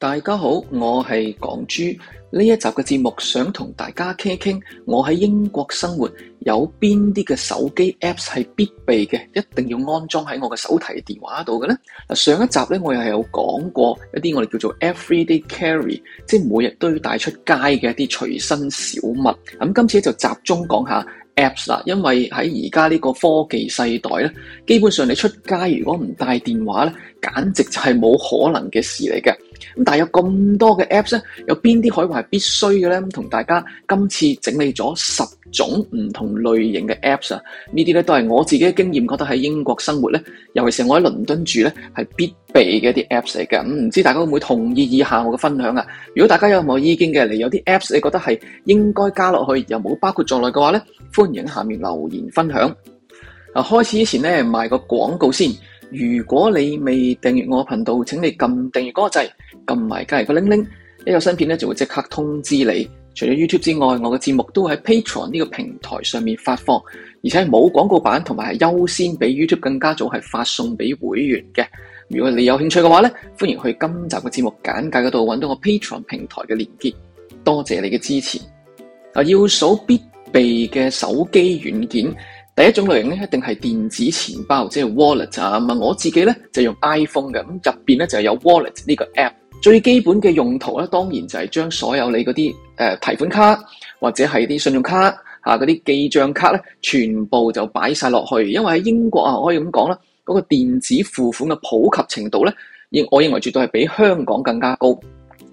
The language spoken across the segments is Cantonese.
大家好，我係港豬，呢一集嘅節目，想同大家傾一傾，我喺英國生活有邊啲嘅手機 apps 係必備嘅，一定要安裝喺我嘅手提電話度嘅呢嗱，上一集咧，我又係有講過一啲我哋叫做 everyday carry，即係每日都要帶出街嘅一啲隨身小物。咁今次咧就集中講下。Apps 啦，因為喺而家呢個科技世代咧，基本上你出街如果唔帶電話咧，簡直就係冇可能嘅事嚟嘅。咁但係有咁多嘅 Apps 咧，有邊啲可以話係必須嘅咧？咁同大家今次整理咗十。種唔同類型嘅 apps 啊，呢啲咧都係我自己嘅經驗，覺得喺英國生活咧，尤其是我喺倫敦住咧，係必備嘅一啲 apps 嚟嘅。唔知大家會唔會同意以下我嘅分享啊？如果大家有冇意見嘅，你有啲 apps 你覺得係應該加落去，又冇包括在內嘅話咧，歡迎下面留言分享。啊，開始之前咧賣個廣告先。如果你未訂閱我頻道，請你撳訂閱嗰個掣，撳埋隔籬個鈴鈴，一個新片咧就會即刻通知你。除咗 YouTube 之外，我嘅節目都會喺 Patreon 呢個平台上面發放，而且冇廣告版，同埋係優先比 YouTube 更加早係發送俾會員嘅。如果你有興趣嘅話咧，歡迎去今集嘅節目簡介嗰度揾到我 Patreon 平台嘅鏈接，多謝你嘅支持。啊，要數必備嘅手機軟件，第一種類型咧一定係電子錢包，即係 Wallet 啊。咁啊，我自己咧就用 iPhone 嘅，咁入邊咧就有 Wallet 呢個 App。最基本嘅用途咧，當然就係將所有你嗰啲誒提款卡或者係啲信用卡吓嗰啲記賬卡咧，全部就擺晒落去。因為喺英國啊，我可以咁講啦，嗰個電子付款嘅普及程度咧，我我認為絕對係比香港更加高。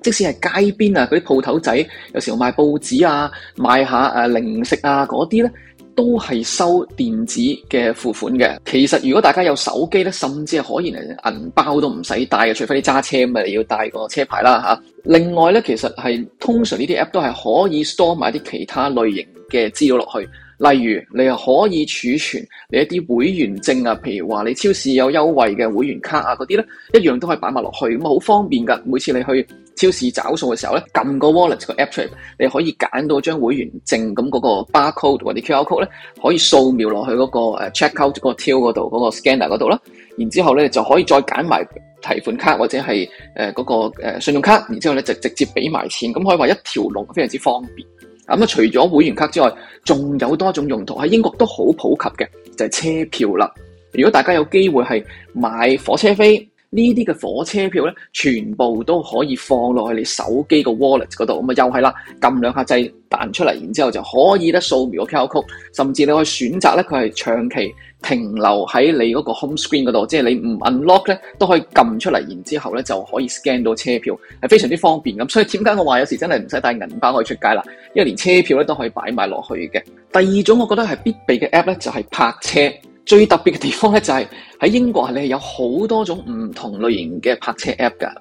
即使係街邊啊，嗰啲鋪頭仔，有時候賣報紙啊，賣下誒、呃、零食啊嗰啲咧。都係收電子嘅付款嘅。其實，如果大家有手機咧，甚至係可以連銀包都唔使帶嘅。除非你揸車咁啊，你要帶個車牌啦吓。另外咧，其實係通常呢啲 app 都係可以 store 買啲其他類型嘅資料落去，例如你可以儲存你一啲會員證啊，譬如話你超市有優惠嘅會員卡啊嗰啲咧，一樣都可以擺埋落去，咁好方便噶。每次你去，超市找數嘅時候咧，撳個 Wallet 個 App，t r p 你可以揀到張會員證咁嗰個 barcode 或者 QR code 咧，可以掃描落去嗰個 check out t、嗰個 til 嗰度嗰個 scanner 嗰度啦。然之後咧就可以再揀埋提款卡或者係嗰、呃嗰個信用卡，然之後咧直直接俾埋錢，咁可以話一條龍，非常之方便。咁、嗯、啊，除咗會員卡之外，仲有多種用途喺英國都好普及嘅，就係、是、車票啦。如果大家有機會係買火車飛。呢啲嘅火車票咧，全部都可以放落去你手機個 wallet 嗰度，咁啊又係啦，撳兩下掣彈出嚟，然之後就可以咧掃描個 d e 甚至你可以選擇咧佢係長期停留喺你嗰個 home screen 嗰度，即係你唔 unlock 咧都可以撳出嚟，然之後咧就可以 scan 到車票，係非常之方便咁。所以點解我話有時真係唔使帶銀包可以出街啦，因為連車票咧都可以擺埋落去嘅。第二種我覺得係必備嘅 app 咧，就係拍車。最特別嘅地方咧，就係喺英國你係有好多種唔同類型嘅泊車 App 㗎。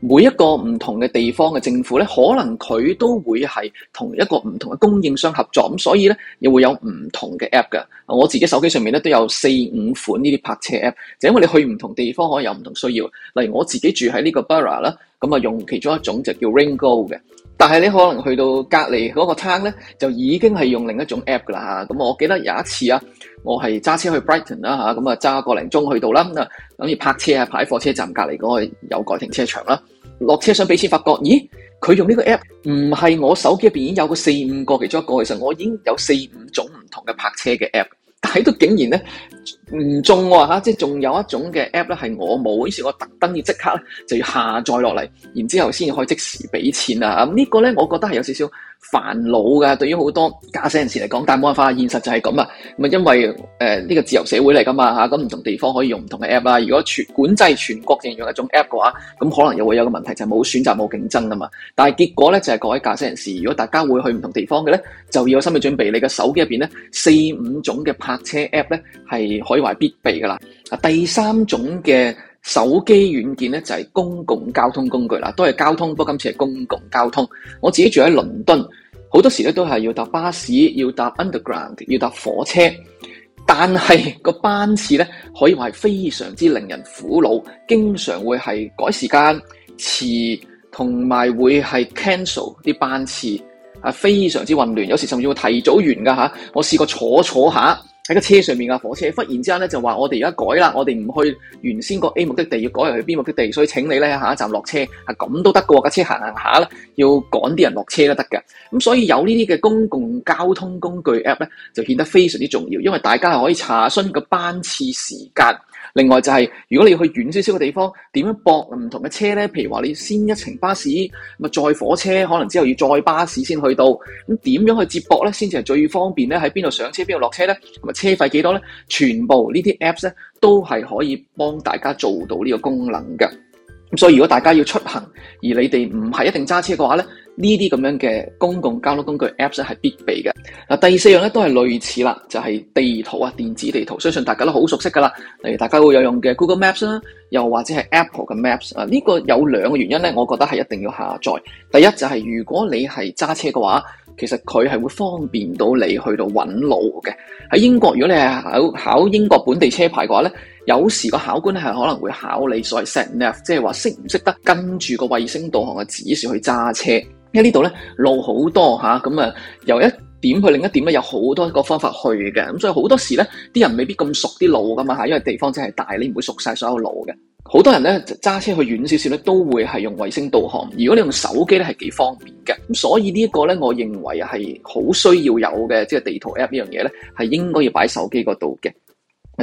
每一個唔同嘅地方嘅政府咧，可能佢都會係同一個唔同嘅供應商合作，咁所以咧，亦會有唔同嘅 App 㗎。我自己手機上面咧都有四五款呢啲泊車 App，就因為你去唔同地方，可能有唔同需要。例如我自己住喺呢個 Borough 啦，咁啊用其中一種就叫 Ringo 嘅。但係你可能去到隔離嗰個灘咧，就已經係用另一種 App 㗎啦嚇。咁我記得有一次啊。我係揸車去 Brighton 啦、啊、嚇，咁啊揸個零鐘去到啦，咁啊諗住泊車啊，泊喺火車站隔離嗰個有蓋停車場啦，落、啊、車想俾錢，發覺咦，佢用呢個 app 唔係我手機入邊已經有個四五個其中一個，其實我已經有四五種唔同嘅泊車嘅 app。係都竟然咧唔中喎，即係仲有一種嘅 app 咧係我冇。於是，我特登要即刻咧就要下載落嚟，然後之後先可以即時俾錢啊！咁、嗯、呢、呢個咧，我覺得係有少少煩惱㗎。對於好多駕駛人士嚟講。但係冇辦法，現實就係咁啊！咁啊，因為呢、呃呢個自由社會嚟噶嘛嚇，咁、啊、唔同地方可以用唔同嘅 app 啦。如果全管制全國淨用一種 app 嘅話，咁可能又會有個問題，就係、是、冇選擇、冇競爭啊嘛。但係結果咧就係、是、各位駕駛人士，如果大家會去唔同地方嘅咧，就要有心理準備，你嘅手機入邊咧四五種嘅搭車 app 咧，係可以話係必備噶啦。第三種嘅手機軟件咧，就係公共交通工具啦，都係交通，不過今次係公共交通。我自己住喺倫敦，好多時咧，都係要搭巴士，要搭 underground，要搭火車。但係個班次咧，可以話係非常之令人苦惱，經常會係改時間、遲同埋會係 cancel 啲班次，啊非常之混亂。有時甚至會提早完噶吓。我試過坐坐下。喺個車上面噶火車，忽然之間咧就話我哋而家改啦，我哋唔去原先個 A 目的地，要改去去 B 目的地，所以請你呢下一站落車，係咁都得噶，架車行行下咧，要趕啲人落車都得嘅。咁所以有呢啲嘅公共交通工具 app 呢，就顯得非常之重要，因為大家可以查詢個班次時間。另外就係、是、如果你要去遠少少嘅地方，點樣駁唔同嘅車呢？譬如話你先一程巴士，咁啊再火車，可能之後要再巴士先去到。咁點樣去接駁呢？先至係最方便呢？喺邊度上車，邊度落車呢？咁啊車費幾多少呢？全部這些 app 呢啲 Apps 呢都係可以幫大家做到呢個功能嘅。咁所以如果大家要出行，而你哋唔係一定揸車嘅話呢。呢啲咁樣嘅公共交通工具 apps 係必備嘅嗱。第四樣咧都係類似啦，就係地圖啊，電子地圖相信大家都好熟悉噶啦例如大家會有用嘅 Google Maps 啦，又或者係 Apple 嘅 Maps 啊。呢個有兩個原因咧，我覺得係一定要下載。第一就係如果你係揸車嘅話，其實佢係會方便到你去到搵路嘅。喺英國如果你係考考英國本地車牌嘅話咧。有時個考官咧係可能會考你所謂 sat nav，即係話識唔識得跟住個衛星導航嘅指示去揸車，因為呢度咧路好多吓，咁啊、嗯、由一點去另一點咧有好多個方法去嘅，咁所以好多時咧啲人未必咁熟啲路噶嘛吓，因為地方真係大，你唔會熟晒所有路嘅。好多人咧揸車去遠少少咧都會係用衛星導航，如果你用手機咧係幾方便嘅，咁所以呢一個咧我認為係好需要有嘅，即係地圖 app 呢樣嘢咧係應該要擺手機嗰度嘅。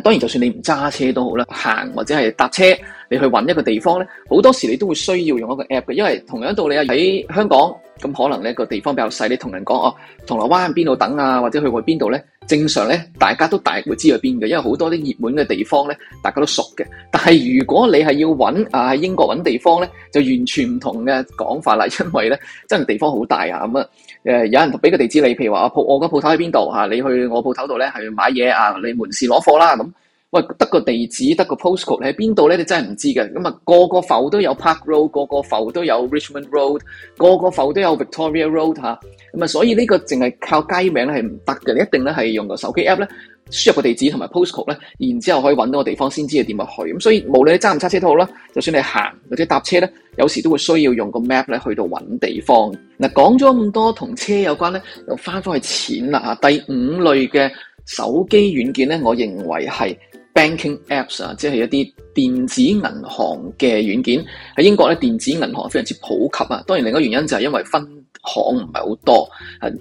當然就算你唔揸車都好啦，行或者係搭車，你去揾一個地方呢，好多時你都會需要用一個 app 嘅，因為同樣道理啊，喺香港咁可能呢個地方比較細，你同人講哦，銅鑼灣邊度等啊，或者去過邊度呢，正常呢大家都大概會知道邊嘅，因為好多啲熱門嘅地方呢大家都熟嘅。但係如果你係要揾啊喺英國揾地方呢，就完全唔同嘅講法啦，因為呢真係地方好大啊咁啊。誒有人畀個地址你，譬如話我鋪我間鋪頭喺邊度嚇，你去我鋪頭度咧係買嘢啊，你門市攞貨啦咁。喂，得個地址，得個 postcode，你喺邊度咧？你真係唔知嘅。咁啊，個個埠都有 Park Road，個個埠都有 Richmond Road，個個埠都有 Victoria Road 吓。咁啊，所以呢個淨係靠街名咧係唔得嘅，你一定咧係用個手機 app 咧，輸入個地址同埋 postcode 咧，然之後可以搵到個地方先知係點去。咁所以無論你揸唔揸車都好啦，就算你行或者搭車咧，有時都會需要用個 map 咧去到搵地方。嗱，講咗咁多同車有關咧，又翻返去錢啦吓。第五類嘅手機軟件咧，我認為係。banking apps 啊，即係一啲電子銀行嘅軟件喺英國咧，電子銀行非常之普及啊。當然另一個原因就係因為分行唔係好多，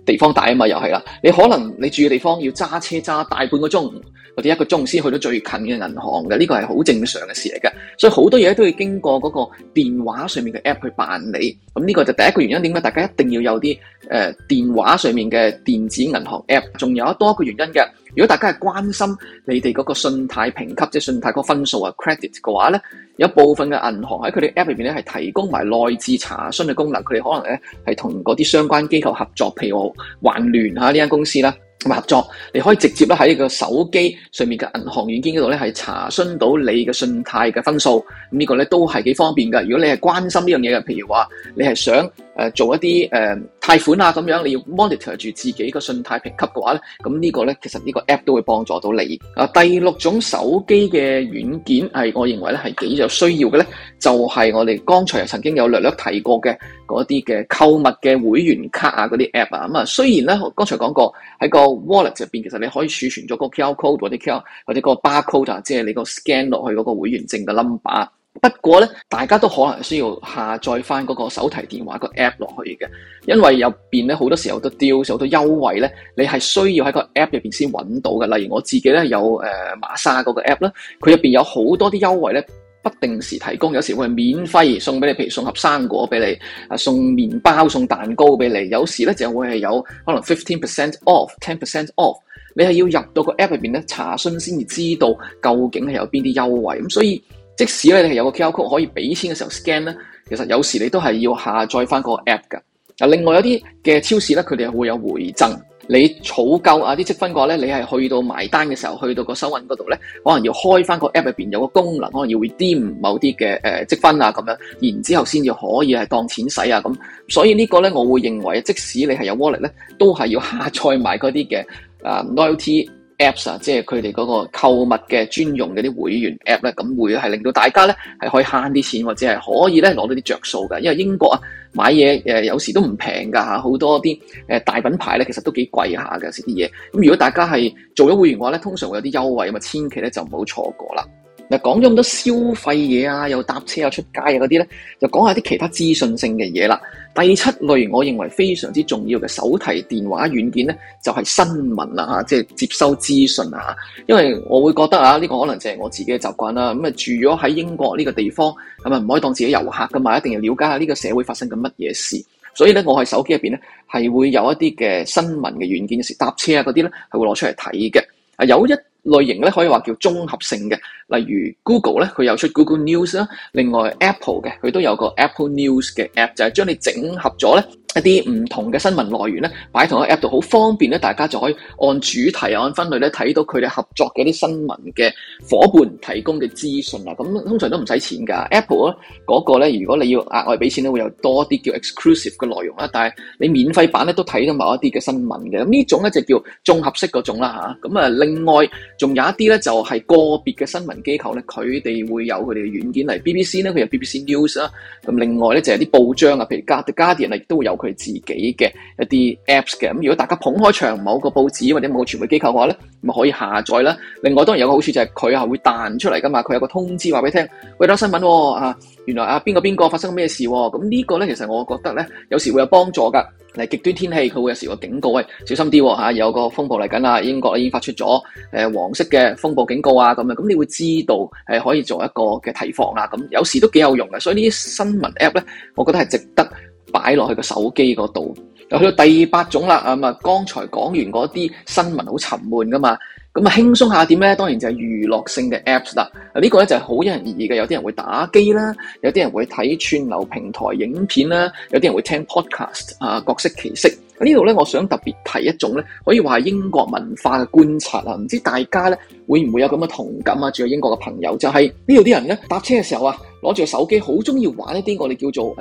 地方大啊嘛，又係啦。你可能你住嘅地方要揸車揸大半個鐘或者一個鐘先去到最近嘅銀行嘅，呢、這個係好正常嘅事嚟嘅。所以好多嘢都要經過嗰個電話上面嘅 app 去辦理。咁呢個就第一個原因點解大家一定要有啲誒、呃、電話上面嘅電子銀行 app。仲有多一個原因嘅。如果大家係關心你哋嗰個信貸評級，即係信貸嗰個分數啊 credit 嘅話咧，有部分嘅銀行喺佢哋 app 裏面咧係提供埋內置查詢嘅功能，佢哋可能咧係同嗰啲相關機構合作，譬如環聯吓呢間公司啦。合作，你可以直接咧喺呢個手機上面嘅銀行軟件嗰度咧，係查詢到你嘅信貸嘅分數。呢個咧都係幾方便噶。如果你係關心呢樣嘢嘅，譬如話你係想誒做一啲誒貸款啊咁樣，你要 monitor 住自己個信貸評級嘅話咧，咁呢個咧其實呢個 app 都會幫助到你。啊，第六種手機嘅軟件係我認為咧係幾有需要嘅咧。就係我哋剛才曾經有略略提過嘅嗰啲嘅購物嘅會員卡啊，嗰啲 app 啊，咁啊，雖然咧剛才講過喺個 wallet 入面其實你可以儲存咗個 qr code 或者 qr 或者個 barcode，啊，即係你個 scan 落去嗰個會員證嘅 number。不過咧，大家都可能需要下載翻嗰個手提電話個 app 落去嘅，因為入面咧好多時候都有好多 deal，好多優惠咧，你係需要喺個 app 入面先揾到嘅。例如我自己咧有誒、呃、馬莎嗰個 app 啦，佢入面有好多啲優惠咧。不定時提供，有時會係免費送俾你，譬如送盒生果俾你，啊，送麵包、送蛋糕俾你。有時咧就會係有可能 fifteen percent off 10、ten percent off。你係要入到個 app 入邊咧查詢先至知道究竟係有邊啲優惠。咁所以即使咧你係有個 QR code 可以俾錢嘅時候 scan 咧，其實有時你都係要下載翻個 app 噶。啊，另外有啲嘅超市咧，佢哋係會有回贈。你儲夠啊啲積分嘅話咧，你係去到埋單嘅時候，去到個收銀嗰度咧，可能要開翻個 app 入邊有個功能，可能要會 dim 某啲嘅誒積分啊咁樣，然之後先至可以係當錢使啊咁。所以個呢個咧，我會認為即使你係有 wallet 咧，都係要下載埋嗰啲嘅啊 loyalty。No T, Apps 啊，即係佢哋嗰個購物嘅專用嗰啲會員 app 咧，咁會係令到大家咧係可以慳啲錢，或者係可以咧攞到啲着數㗎。因為英國啊買嘢誒有時都唔平噶吓，好多啲誒大品牌咧其實都幾貴下㗎食啲嘢。咁如果大家係做咗會員嘅話咧，通常會有啲優惠，咁啊千祈咧就唔好錯過啦。嗱，講咗咁多消費嘢啊，又搭車啊、出街啊嗰啲咧，就講下啲其他資訊性嘅嘢啦。第七類，我認為非常之重要嘅手提電話軟件咧，就係新聞啦嚇，即係接收資訊啊。因為我會覺得啊，呢個可能就係我自己嘅習慣啦。咁啊，住咗喺英國呢個地方咁啊，唔可以當自己遊客噶嘛，一定要了解下呢個社會發生緊乜嘢事。所以咧，我喺手機入邊咧係會有一啲嘅新聞嘅軟件，嘅時搭車啊嗰啲咧係會攞出嚟睇嘅。有一類型咧可以話叫綜合性嘅。例如 Google 咧，佢有出 Google News 啦。另外 Apple 嘅佢都有個 Apple News 嘅 app，就係將你整合咗咧一啲唔同嘅新聞來源咧，擺同一 app 度，好方便咧，大家就可以按主題啊，按分類咧睇到佢哋合作嘅一啲新聞嘅伙伴提供嘅資訊啦。咁通常都唔使錢㗎。Apple 嗰個咧，如果你要額外俾錢咧，會有多啲叫 exclusive 嘅內容啦。但係你免費版咧都睇到某一啲嘅新聞嘅。咁呢種咧就叫綜合式嗰種啦吓，咁啊，另外仲有一啲咧就係個別嘅新聞機構咧，佢哋會有佢哋嘅軟件嚟。BBC 咧，佢有 BBC News 啦、啊。咁另外咧，就係啲報章啊，譬如 The Guardian 亦都會有佢自己嘅一啲 Apps 嘅。咁如果大家捧開場某個報紙或者某個傳媒機構嘅話咧，咪可以下載啦。另外，當然有個好處就係佢係會彈出嚟噶嘛，佢有個通知話俾你聽，會有新聞喎啊！啊。原來啊，邊個邊個發生咩事、啊？咁呢個呢，其實我覺得呢，有時會有幫助噶。嚟極端天氣佢會有時個警告，喂，小心啲吓，啊，有個風暴嚟緊啦。英國已經發出咗誒、呃、黃色嘅風暴警告啊，咁樣咁你會知道誒、呃、可以做一個嘅提防啊。咁有時都幾有用嘅，所以呢啲新聞 app 呢，我覺得係值得擺落去個手機嗰度。又去到第八種啦，咁、嗯、啊，剛才講完嗰啲新聞好沉悶噶嘛。咁啊，輕鬆下點咧？當然就係娛樂性嘅 Apps 啦。呢個咧就係好因人而異嘅，有啲人會打機啦，有啲人會睇串流平台影片啦，有啲人會聽 Podcast 啊，各式其式。呢度咧，我想特別提一種咧，可以話係英國文化嘅觀察啊。唔知大家咧會唔會有咁嘅同感啊？住喺英國嘅朋友，就係、是、呢度啲人咧搭車嘅時候啊，攞住個手機好中意玩一啲我哋叫做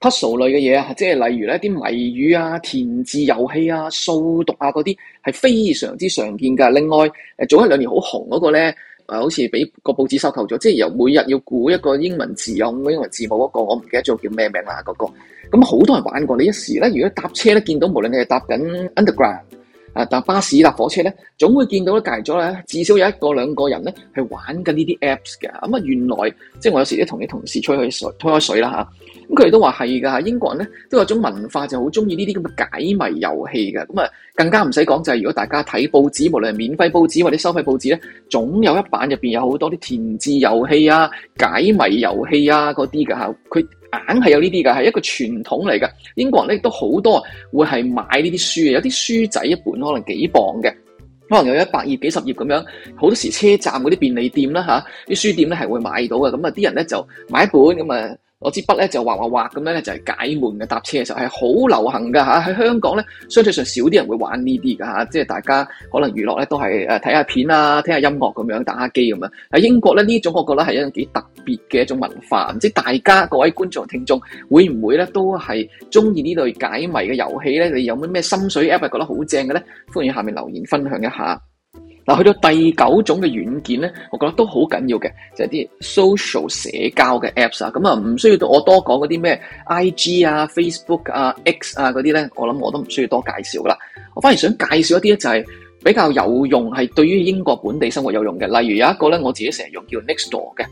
puzzle 類嘅嘢啊，即係例如呢啲謎語啊、填字遊戲啊、數獨啊嗰啲係非常之常見㗎。另外誒，早一兩年好紅嗰個咧，好似俾個報紙收購咗，即係由每日要估一個英文字啊、個英文字母嗰、嗰個，我唔記得咗叫咩名啊嗰、嗰個。咁好多人玩過。你一時咧，如果搭車咧，見到無論你係搭緊 underground 啊、搭巴士、搭火車咧，總會見到咧，隔咗咧至少有一個兩個人咧係玩緊呢啲 apps 嘅。咁啊，原來即係我有時都同啲同事吹開水，吹水啦、吓。咁佢哋都話係噶，英國人咧都有種文化，就好中意呢啲咁嘅解謎遊戲嘅。咁啊，更加唔使講就係、是，如果大家睇報紙，無論係免費報紙或者收費報紙咧，總有一版入邊有好多啲填字遊戲啊、解謎遊戲啊嗰啲㗎。吓。佢硬係有呢啲㗎，係一個傳統嚟㗎。英國人咧亦都好多會係買呢啲書，有啲書仔一本可能幾磅嘅，可能有一百頁、幾十頁咁樣。好多時車站嗰啲便利店啦吓，啲、啊、書店咧係會買到嘅。咁啊，啲人咧就買一本咁啊。攞支筆咧就畫畫畫咁樣咧就係解悶嘅搭車嘅時候係好流行噶吓，喺香港咧，相對上少啲人會玩呢啲噶吓，即係大家可能娛樂咧都係誒睇下片啊，聽下音樂咁樣，打下機咁樣。喺英國咧，呢種我覺得係一種幾特別嘅一種文化，唔知大家各位觀眾同聽眾會唔會咧都係中意呢類解謎嘅遊戲咧？你有冇咩心水 app 係覺得好正嘅咧？歡迎下面留言分享一下。嗱，去到第九種嘅軟件咧，我覺得都好緊要嘅，就係啲 social 社交嘅 apps 啊，咁啊唔需要我多講嗰啲咩 IG 啊、Facebook 啊、X 啊嗰啲咧，我諗我都唔需要多介紹啦。我反而想介紹一啲咧，就係比較有用，係對於英國本地生活有用嘅，例如有一個咧，我自己成日用叫 Nextdoor 嘅。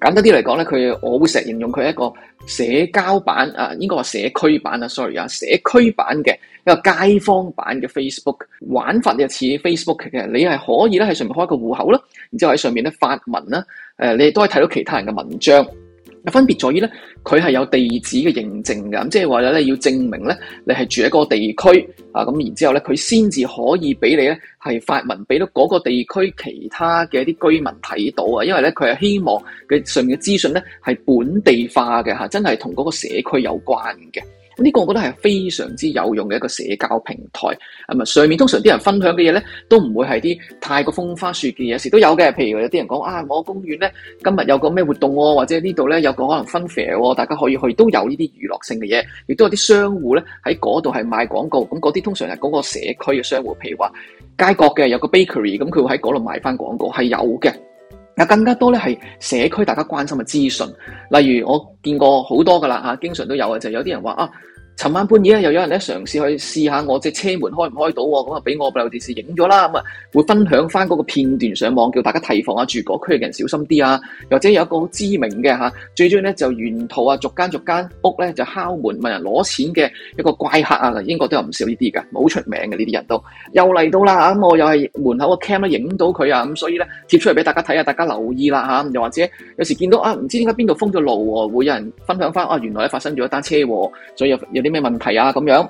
簡單啲嚟講呢，佢我會成日形容佢一個社交版啊，應該話社區版 sorry 啊，Sorry, 社區版嘅一個街坊版嘅 Facebook 玩法，又似 Facebook 嘅，你係可以咧喺上面開一個戶口啦，然後喺上面咧發文啦，誒，你都可以睇到其他人嘅文章。分別在於咧，佢係有地址嘅認證嘅，咁即係話咧，你要證明咧，你係住喺個地區啊，咁然之後咧，佢先至可以俾你咧係發文俾到嗰個地區其他嘅一啲居民睇到啊，因為咧佢係希望佢上面嘅資訊咧係本地化嘅嚇，真係同嗰個社區有關嘅。呢個我覺得係非常之有用嘅一個社交平台，咁啊上面通常啲人分享嘅嘢咧，都唔會係啲太過風花雪嘅嘢，時都有嘅。譬如有啲人講啊，我個公園咧今日有個咩活動喎、哦，或者呢度咧有個可能分 fair 喎、哦，大家可以去，都有呢啲娛樂性嘅嘢。亦都有啲商戶咧喺嗰度係賣廣告，咁嗰啲通常係嗰個社區嘅商戶，譬如話街角嘅有個 bakery，咁佢會喺嗰度賣翻廣告，係有嘅。嗱更加多咧係社區大家關心嘅資訊，例如我見過好多噶啦嚇，經常都有嘅，就有啲人話啊。尋晚半夜咧，又有人咧嘗試去試下我隻車門開唔開到喎，咁啊俾我部電視影咗啦，咁、嗯、啊會分享翻嗰個片段上網，叫大家提防啊住嗰區嘅人小心啲啊，或者有一個好知名嘅最終呢，咧就沿途啊逐間逐間屋咧就敲門問人攞錢嘅一個怪客啊，英國都有唔少呢啲嘅，好出名嘅呢啲人都又嚟到啦，咁、嗯、我又係門口個 cam 咧影到佢啊，咁、嗯、所以咧貼出嚟俾大家睇下，大家留意啦嚇、啊，又或者有時見到啊唔知點解邊度封咗路喎，會有人分享翻啊原來咧發生咗一單車禍，所以有有啲。咩問題啊？咁樣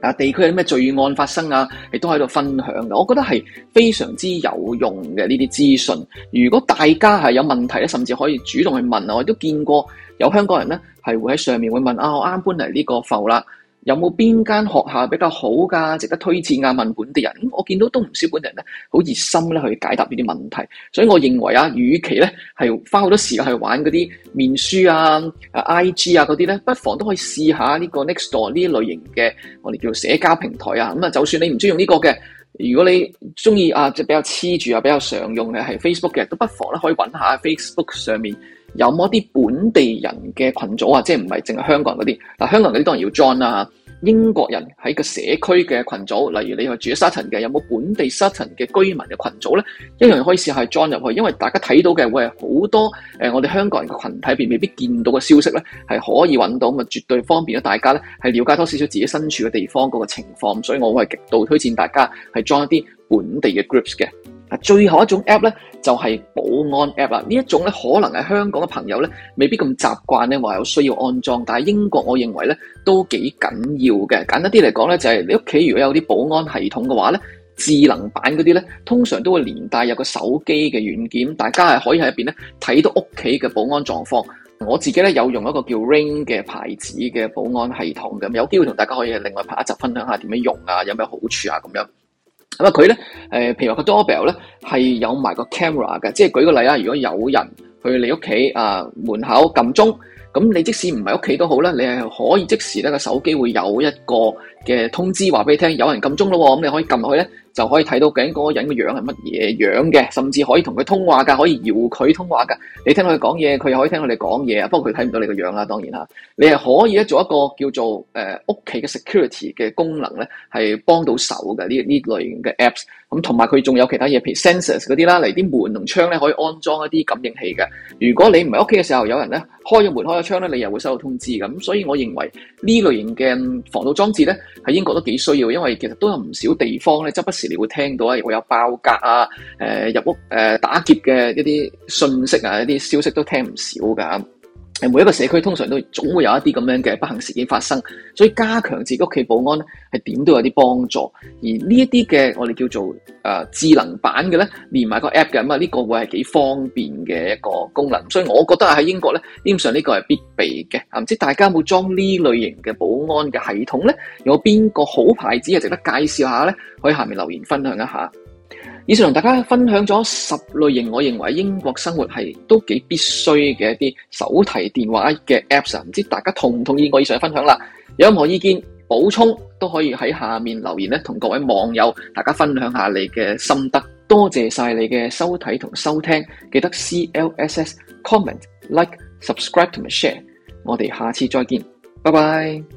啊，地區有咩罪案發生啊，亦都喺度分享嘅。我覺得係非常之有用嘅呢啲資訊。如果大家係有問題咧，甚至可以主動去問。我都見過有香港人咧係會喺上面會問啊，我啱搬嚟呢個埠啦。有冇邊間學校比較好㗎？值得推薦啊？問本地人，咁、嗯、我見到都唔少本地人咧，好熱心咧去解答呢啲問題。所以我認為啊，與其咧係花好多時間去玩嗰啲面書啊、啊 IG 啊嗰啲咧，不妨都可以試下呢個 Nextdoor 呢一類型嘅我哋叫社交平台啊。咁啊，就算你唔中意用呢個嘅，如果你中意啊，即比較黐住啊、比較常用嘅係 Facebook 嘅，都不妨咧可以揾下 Facebook 上面。有冇一啲本地人嘅群組啊？即係唔係淨係香港人嗰啲？嗱，香港人嗰啲當然要 join 啦嚇。英國人喺個社區嘅群組，例如你係住喺 Sutton 嘅，有冇本地 Sutton 嘅居民嘅群組咧？一樣可以試下 join 入去，因為大家睇到嘅會係好多誒，我哋香港人嘅群體入邊未必見到嘅消息咧，係可以揾到咁啊，絕對方便咗大家咧，係了解多少少自己身處嘅地方嗰個情況。所以我會係極度推薦大家係 join 一啲本地嘅 groups 嘅。最後一種 app 咧就係保安 app 啦。呢一種咧可能係香港嘅朋友咧未必咁習慣咧，話有需要安裝。但係英國，我認為咧都幾緊要嘅。簡單啲嚟講咧，就係你屋企如果有啲保安系統嘅話咧，智能版嗰啲咧通常都會連帶有個手機嘅軟件，大家係可以喺入邊咧睇到屋企嘅保安狀況。我自己咧有用一個叫 Ring 嘅牌子嘅保安系統咁，有機會同大家可以另外拍一集分享下點樣用啊，有咩好處啊咁樣。咁啊佢咧，誒，譬如話個 doorbell 咧，係有埋個 camera 嘅，即係舉個例啊，如果有人去你屋企啊門口撳鐘，咁你即使唔係屋企都好啦，你係可以即時咧個手機會有一個嘅通知話俾你聽，有人撳鐘咯，哦，咁你可以撳落去咧，就可以睇到究竟嗰個人嘅樣係乜嘢樣嘅，甚至可以同佢通話㗎，可以搖佢通話㗎。你聽佢講嘢，佢又可以聽你講嘢啊。不過佢睇唔到你個樣啦，當然啦。你係可以咧做一個叫做誒屋企嘅 security 嘅功能咧，係幫到手嘅呢呢類型嘅 apps。咁同埋佢仲有其他嘢，譬如 sensors 嗰啲啦，嚟啲門同窗咧可以安裝一啲感應器嘅。如果你唔喺屋企嘅時候，有人咧開咗門開咗窗咧，你又會收到通知咁。所以我認為呢類型嘅防盜裝置咧喺英國都幾需要，因為其實都有唔少地方咧執不。時你會聽到、呃呃、啊，亦會有爆格啊，誒入屋誒打劫嘅一啲信息啊，一啲消息都聽唔少噶。每一個社區通常都總會有一啲咁樣嘅不幸事件發生，所以加強自己屋企保安咧，係點都有啲幫助。而呢一啲嘅我哋叫做、呃、智能版嘅咧，連埋個 app 嘅咁啊，呢個會係幾方便嘅一個功能。所以我覺得喺英國咧，基本上呢個係必備嘅啊。唔知大家有冇裝呢類型嘅保安嘅系統咧？有邊個好牌子係值得介紹下咧？可以下面留言分享一下。以上同大家分享咗十類型，我認為英國生活係都幾必須嘅一啲手提電話嘅 apps，唔知大家同唔同意我以上嘅分享啦？有任何意見補充都可以喺下面留言咧，同各位網友大家分享一下你嘅心得。多謝晒你嘅收睇同收聽，記得 CLSS comment like subscribe 同 share。我哋下次再見，拜拜。